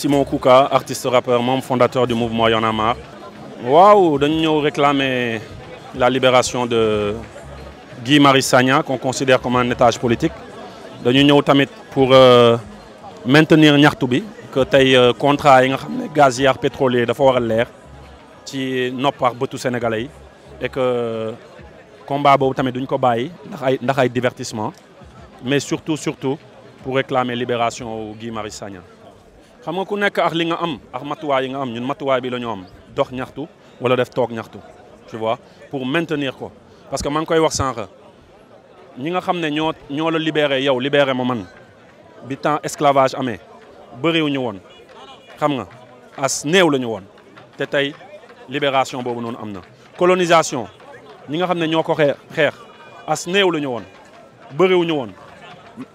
Simon Kouka artiste rappeur membre fondateur du mouvement Y'en a marre waaw dañu ñëw réclamer la libération de Guy Marius Sagna qu'on considère comme un otage politique dañu ñëw tamit pour euh, maintenir ñaxtu bi que tey euh, contrat yi nga xam ne gazière pétrolier dafa war a leer ci nopp ak bëtu sénégalais yi et que euh, combat boobu tamit duñ ko bàyyi ndax ay ndax divertissement mais surtout surtout pour réclamer libération Guy Marius Sagna xam nga ku nekk ak li nga am ak matuwaay yi nga am ñun matuwaay bi la ñu am dox ñaxtu wala def toog ñaxtu tu vois pour maintenir ko parce que maa ngi koy wax sànq ñi nga xam ne ñoo ñoo la libéré yow libéré ma man bi temps esclavage amee bëriwuñu woon xam nga as néew la ñu woon te tey libération boobu noonu am na. colonisation ñi nga xam ne ñoo ko xeex as néew la ñu woon bëriwuñu woon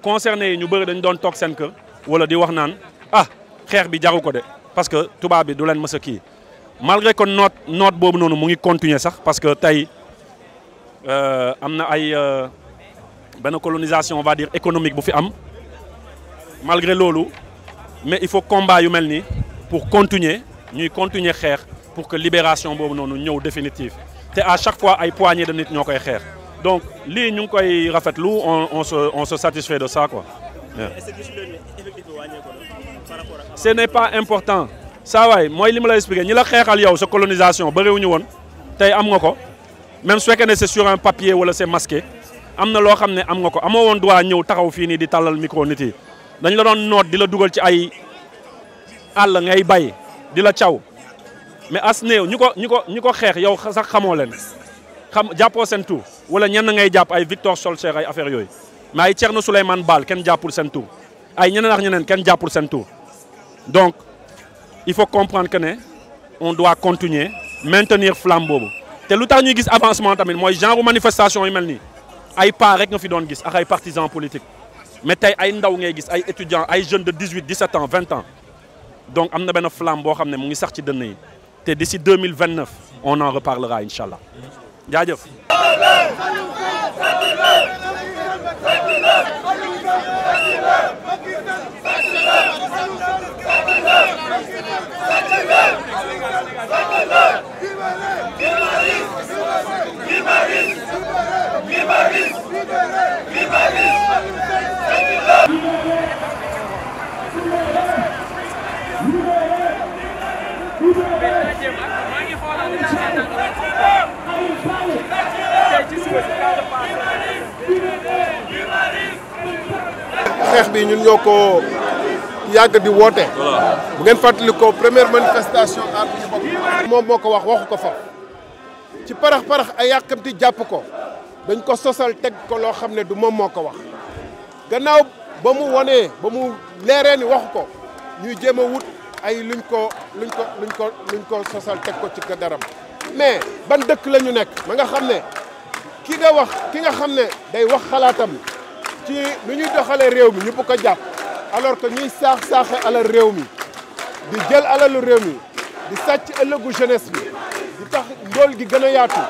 concerné yi ñu bëri dañu doon toog seen kër wala di wax naan ah. xeex bi jaru ko de parce que tubaab bi du leen mës a kii malgré que noot noot boobu noonu mu ngi continuer sax parce que tey euh, am na ay euh, benn colonisation on va dire économique bu fi am malgré loolu mais il faut combat yu mel ni pour continuer ñuy continuer xeex pour que libération boobu noonu ñëw définitive te à chaque fois ay poignée de nit ñoo koy xeex donc li ñu ngi koy rafetlu on on se satisfait de ça quoi. ce n'est pas important saa waay mooy li ma lay expliqué ñi la xeexal yow sa colonisation bëriwuñu woon tey am nga ko même su fekkee ne se sur un papier wala c'est masqué am na loo xam ne am nga ko amoo woon droit ñëw taxaw fii nii di tàllal micro nit yi dañ la doon noot di la dugal ci ay àll ngay bay di la caw mais as néew ñu ko ñu ko ñu ko xeex yow sax xamoo leen xam jàppoo seen tur wala ñenn ngay jàpp ay Victor Solcher ay affaire yooyu mais ay Thierno Souleymane Baal kenn jàppul seen tur ay ñeneen ak ñeneen kenn jàppul seen donc il faut comprendre que ne on doit continuer maintenir flamme boobu te lu tax ñuy gis avancement tamit mooy genre manifestation yu mel nii ay pas rek nga fi doon gis ak ay partisans politiques mais tey ay ndaw ngay gis ay étudiants ay jeunes de dix huit dix sept ans vingt ans donc am na benn flamme boo xam ne mu ngi sax ci dënn yi te d'ici deux mille vingt neuf on en reparlera incha allah jaajëf. Thank xeex bi ñun ñoo ko yàgg di woote. bu ngeen fàttali ko première manifestation aar ci moo ko wax waxu ko fa. ci parax parax ay yàkkamti jàpp ko dañ ko sosal teg ko loo xam ne du moom moo ko wax gannaaw ba mu wonee ba mu leeree ni waxu ko ñuy jéem a wut ay luñ ko luñ ko luñ ko luñ ko sosal teg ko ci ka daram mais ban dëkk la ñu nekk ma nga xam ne ki nga wax ki nga xam ne day wax xalaatam ci nu ñuy doxalee réew mi ñëpp ko jàpp alors que ñuy saax saaxe alal réew mi di jël alalu réew mi di sàcc ëllëgu jeunesse bi di tax ndool gi gën a yaatu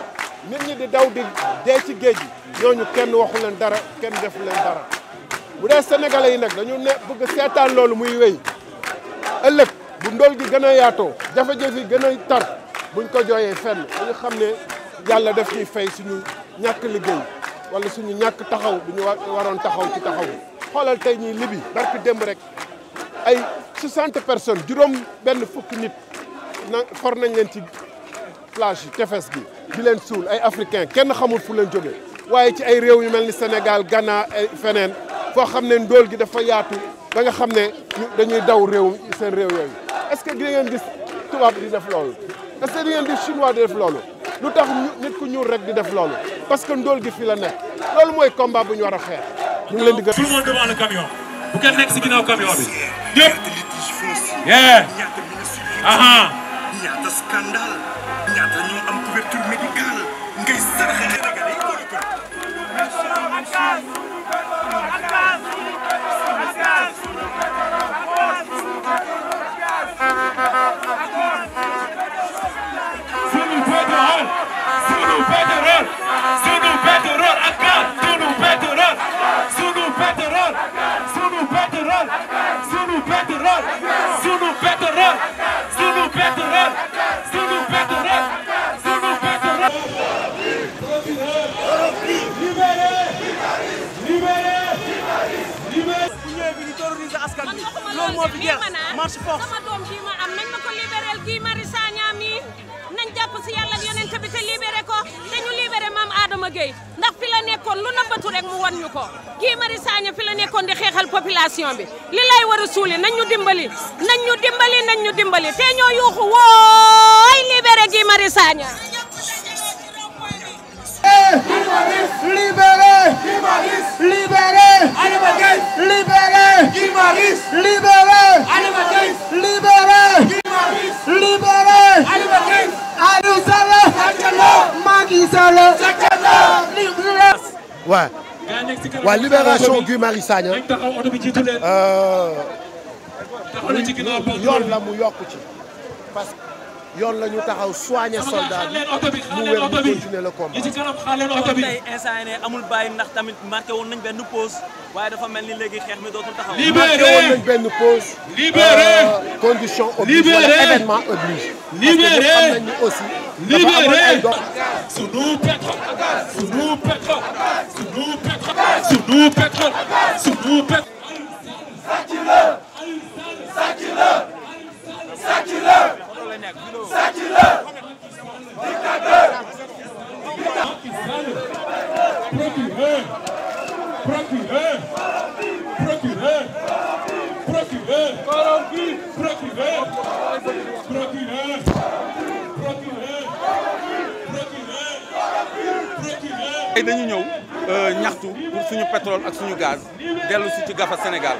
nit ñi di daw di dee ci géej gi ñooñu kenn waxu leen dara kenn defu leen dara bu dee sénégalais yi nag dañu ne bëgg seetaan loolu muy wéy ëllëg bu ndool gi gën a yaatoo jafe-jafe gën a tar buñ ko jooyee fenn dañu xam ne yàlla def ñuy fay suñu ñàkk liggéey wala suñu ñàkk taxaw bi ñu waroon taxaw ci taxaw bi xoolal tey ñii libi barki démb rek ay 60 personnes juróom benn fukki nit na for nañ leen ci plage yi tefes bi di leen suul ay africain kenn xamul fu leen jóge waaye ci ay réew yu mel ni Sénégal Ghana ay feneen foo xam ne ndóol gi dafa yaatu ba nga xam ne dañuy daw réew seen réew yooyu est-ce que di ngeen gis tubaab di def loolu est-ce que di ngeen gis chinois di def loolu lu tax nit ku ñuul rek di def loolu parce que ndóol gi fi la nekk loolu mooy combat bu ñu war a xeex ñu ngi leen di gërëm. tout le monde devant le camion. bu kenn nekk si ginnaaw camion bi. ñëpp. yeah. aha. ñaata scandale. ñaata ñoo am couverture médicale. ngay saraxale. loolu moo fi jeex marche doom ji am nañ ma ko libéral gi Mari Sagna mi nañ jàpp si yàlla ak yonent bi te ko te ñu libéré maam Adama Gueye ndax fi la nekkoon lu nëbbatu rek mu wan ñu ko gi Mari Sagna fi la nekkoon di xeexal population bi li war suuli nañ ñu dimbali nañ ñu dimbali nañ ñu dimbali te ñoo yuuxu wooy libéré gi Mari Sagna eh, libéré, libéré, libéré, libéré, libéré, Aliou Sall, Macky Sall, waaw waaw libération Guy Marius Sagna euh, yoon la mu yokk ci parce que yoon la ñu taxaw soigner soldat bi mu wér mu continuer le combat. kon tey instant yii ne amul bàyyi ndax tamit marqué woon nañ benn pause waaye dafa mel ni léegi xeex mi dootul taxaw. marqué woon nañ benn pause. libéré euh, condition oblige wala événement oblige. libéré parce que xam nañ ni aussi. dafa amoon ay dox. sunu pétrole sunu pétrole tey dañu ñëw euh, ñaxtu pour suñu pétrole ak suñu gaz dellu si ci gafa Sénégal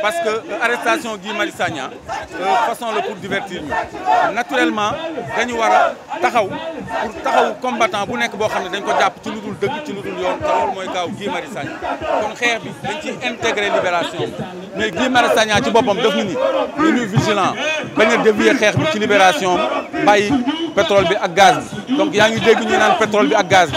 parce que euh, arrestation Guy mari Sagna euh, façon la pour divertir ñu naturellement dañu war a taxaw pour taxaw combattant bu nekk boo xam ne dañ ko jàpp ci lu dul ci lu yoon te mooy kaaw gii mari Sagna kon xeex bi dañ ciy intégré libération mais Guy Marius Sagna ci boppam def ñu ni ñu ñuy vigilant bañ a dévier xeex bi ci libération bàyyi pétrole bi ak gaz bi donc yaa ngi dégg ñu naan pétrole bi ak gaz bi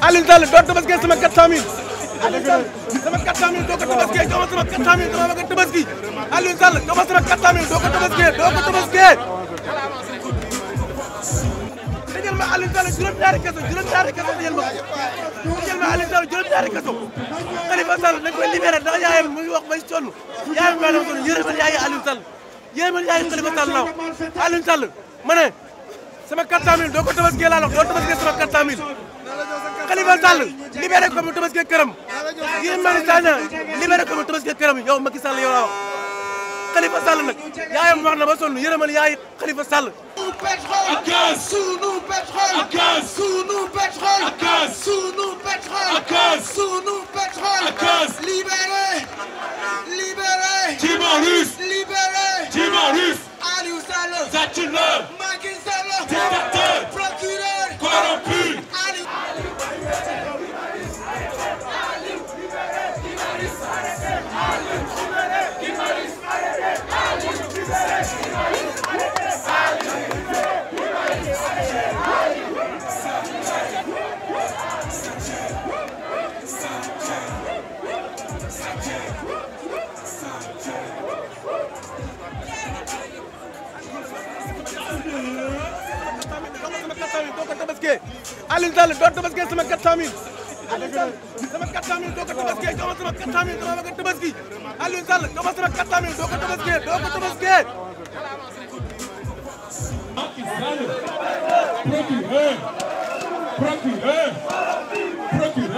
Alioune Sall doo tabaskee sama 400000 Aliou Sall sama 400000 doo ko tabaskee jox ma sama 400000 dama bëgg a tabaski Aliou Sall jox ma sama 400000 doo ko tabaskee doo ko tabaskee. dajal ma Aliou Sall juróom-ñaari kaso juróom-ñaari kaso dajal ma ko dajal ma Aliou Sall juróom-ñaari kaso Khalifa Sall dañ koy libéré ndax yaayam mu ngi wax bay sonn yaayam maa doon sonn yërëmal yaayu Aliou Sall yërëmal yaayu Khalifa Sall naaw Aliou Sall ma ne sama 400000 doo ko tabaskee laa la doo tabaskee sama 400000 Khalifa Sall libéré ko mu tabaskee këram yéen Malick Sagna libéré ko Tabaski këram yow Macky Sall yow laa wax Khalifa Sall nag yaayam wax na ba ma yërëmal yaay Khalifa Sall. sunu pétrole sunu pétrole sunu pétrole sunu pétrole tabaskee Alioune Sall doo tabaskee sama 400000 Alioune sama 400000 doo ko tabaskee jox ma sama 400000 dama bëgg a tabaski Alioune Sall ma sama 400000 doo ko tabaskee doo ko tabaskee. Macky